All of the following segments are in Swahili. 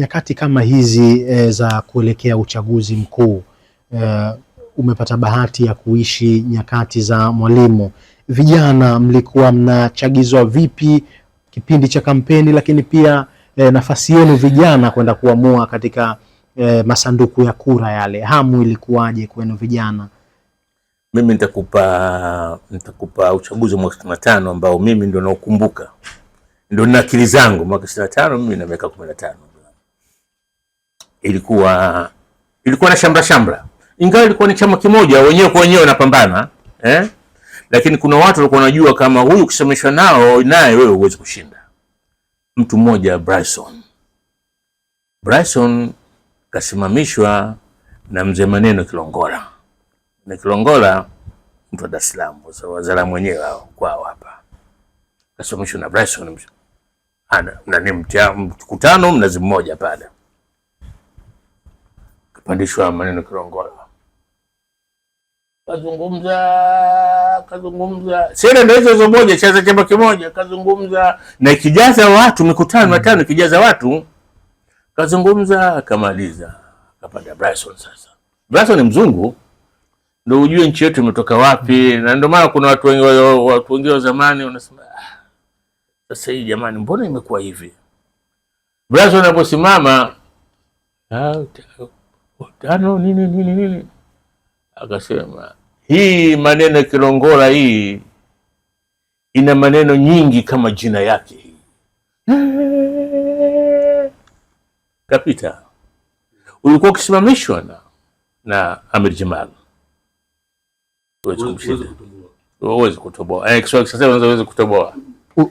nyakati kama hizi e, za kuelekea uchaguzi mkuu e, umepata bahati ya kuishi nyakati za Mwalimu, vijana mlikuwa mnachagizwa vipi kipindi cha kampeni, lakini pia e, nafasi yenu vijana kwenda kuamua katika e, masanduku ya kura yale, hamu ilikuwaje kwenu vijana? Mimi nitakupa nitakupa uchaguzi wa mwaka sitini na tano ambao mimi ndo naokumbuka, ndo na akili zangu. Mwaka sitini na tano mimi na miaka kumi na tano ilikuwa ilikuwa na shamra shamra, ingawa ilikuwa ni chama kimoja, wenyewe kwa wenyewe wanapambana eh? Lakini kuna watu walikuwa wanajua kama huyu ukisemeshwa nao naye wewe huwezi kushinda. Mtu mmoja Bryson, Bryson kasimamishwa na mzee Maneno Kilongola na Kilongola mtu wa Dar es Salaam, wazala mwenyewe hao kwao hapa, kasimamishwa na Bryson ana nani, mkutano mnazi mmoja pale mwandishi wa maneno Kirongola kazungumza kazungumza, sera ndio hizo moja, chaza chama kimoja, kazungumza na ikijaza watu mikutano mm. mitano mm. ikijaza watu, kazungumza akamaliza, akapanda Bryson. Sasa Bryson ni mzungu, ndio ujue nchi yetu imetoka wapi mm. na ndio maana kuna watu wengi watu wengi wa zamani wanasema ah, sasa hii jamani, mbona imekuwa hivi? Bryson anaposimama ah, utano nini nini nini. Akasema hii maneno ya Kilongola hii ina maneno nyingi kama jina yake hii. Kapita ulikuwa ukisimamishwa na na Amir Jamal, uwezi kutoboa eh, Kiswahili sasa unaweza kutoboa.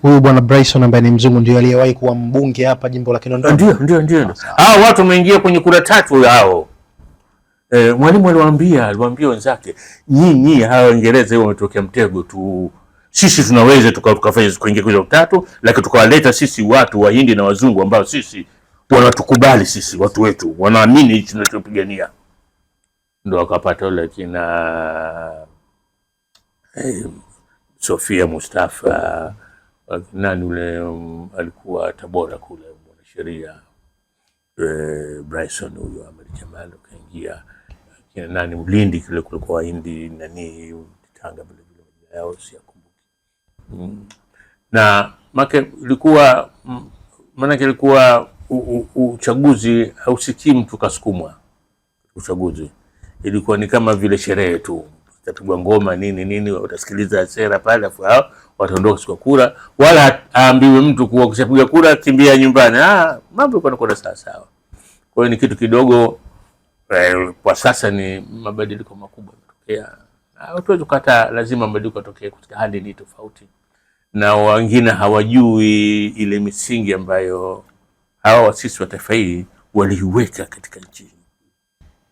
Huyu bwana Bryson ambaye ni mzungu ndio aliyewahi kuwa mbunge hapa jimbo la Kinondoni. Ndio, ndio, ndio. Hao ah, watu wameingia kwenye kura tatu hao E, mwalimu aliwaambia aliwaambia wenzake, nyinyi hawa Waingereza hiyo wametokea mtego tu, sisi tunaweza tukafanya kuingia kwenye tatu, lakini tukawaleta sisi watu Wahindi na Wazungu ambao sisi wanatukubali sisi, watu wetu wanaamini hichi tunachopigania, ndo akapata wale kina hey, eh, Sofia Mustafa nani ule um, alikuwa Tabora kule mwanasheria e, Bryson huyo Amiri kaingia kina nani Ulindi kule kulikuwa Wahindi nani Tanga vile vile yao siyakumbuki. Mm. Na make ilikuwa mm, maanake ilikuwa uchaguzi hausikii mtu kasukumwa uchaguzi, ilikuwa ni kama vile sherehe tu, tapigwa ngoma nini nini, watasikiliza sera pale, afu hao wataondoka siku kura, wala aambiwe mtu kuwa kishapiga kura kimbia nyumbani. Ah, mambo yanakwenda sawa sawa. Kwa hiyo ni kitu kidogo Eh, kwa sasa ni mabadiliko makubwa yametokea. wetu kata, lazima mabadiliko yatokee katika hali ni tofauti, na wengine hawajui ile misingi ambayo hawa wasisi wa taifa hili waliiweka katika nchi hii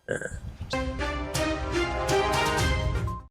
eh.